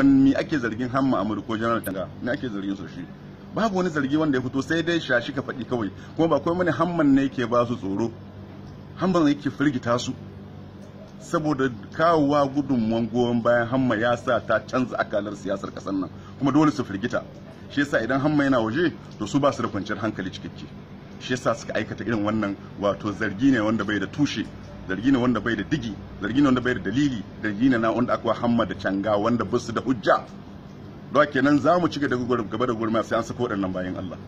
wani ake zargin hamma amur ko general tanga ne ake zargin su shi babu wani zargi wanda ya fito sai dai shashi ka faɗi kawai kuma ba kawai mani hamman ne yake ba su tsoro hamman yake firgita su saboda kawowa gudunmuwan goyon bayan hamma ya sa ta canza akalar siyasar ƙasar nan kuma dole su firgita shi yasa idan hamma yana waje to su ba su da kwanciyar hankali cikakke shi yasa suka aikata irin wannan wato zargi ne wanda bai da tushe zargi ne wanda bai da digi zargi ne wanda bai da dalili zargi ne na wanda aka hamma da canga wanda ba su da hujja don kenan za mu cika da gaba da gurma sai an sako waɗannan bayan Allah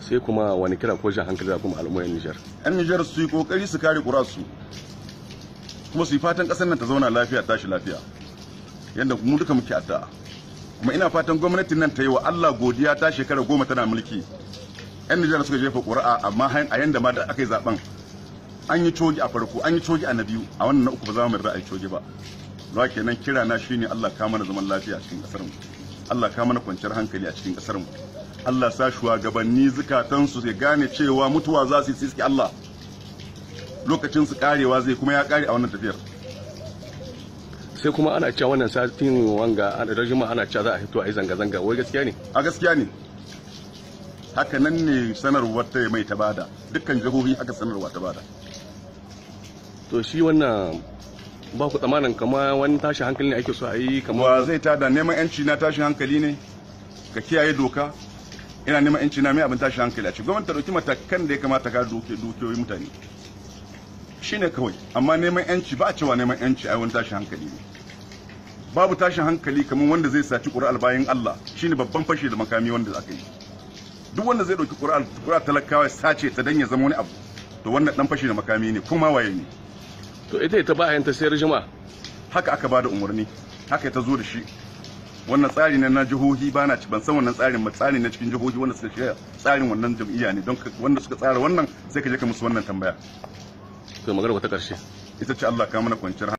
sai kuma wani kira ko shan hankali da kuma al'ummomin Nijar yan Nijar su yi kokari su kare kurasu kuma su yi fatan ƙasar nan ta zauna lafiya tashi lafiya yadda mu duka muke addu'a kuma ina fatan gwamnatin nan ta yi wa Allah godiya ta shekara goma tana mulki yan Nijar suka jefa ƙuri'a amma a yanda ma da aka yi zaben an yi cogi a farko an yi cogi a na biyu a wannan na uku ba za mu yarda a yi cogi ba za kenan kira na shine Allah ka mana zaman lafiya a cikin kasar mu Allah ka mana kwanciyar hankali a cikin kasar mu Allah sa shugabanni zukatan su ya gane cewa mutuwa za su yi tsiski Allah lokacin su karewa zai kuma ya kare a wannan tafiyar sai kuma ana cewa wannan satin wanga a rajima ana cewa za a fito a yi zanga-zanga wai gaskiya ne a gaskiya ne haka nan ne sanarwar ta mai ta bada dukkan jihohi aka sanarwa ta bada to shi wannan ba ku tsamanin kama wani tashin hankali ne ake so a yi kama wa zai tada neman yanci na tashin hankali ne ka kiyaye doka ina neman yanci na mai abin tashin hankali a ce gwamnati ta dauki matakan da ya kamata ka doke dukiyoyi mutane shine kawai amma neman yanci ba a cewa neman yanci a wani tashin hankali ne babu tashin hankali kamar wanda zai saci ƙura bayan Allah shine babban fashe da makami wanda aka yi duk wanda zai dauki ƙura talakawa ya sace ta dan ya zama wani abu to wannan dan fashe da makami ne kuma waye ne to ita ita ba ta sayar jima haka aka bada umarni haka ta zo da shi wannan tsari ne na jihohi ba na ban san wannan tsarin ba tsari na cikin jihohi wanda suka shirya tsarin wannan jam'iyya ne don wanda suka tsara wannan sai ka je ka musu wannan tambaya to magana ta karshe ita ce Allah ka mana kwanciyar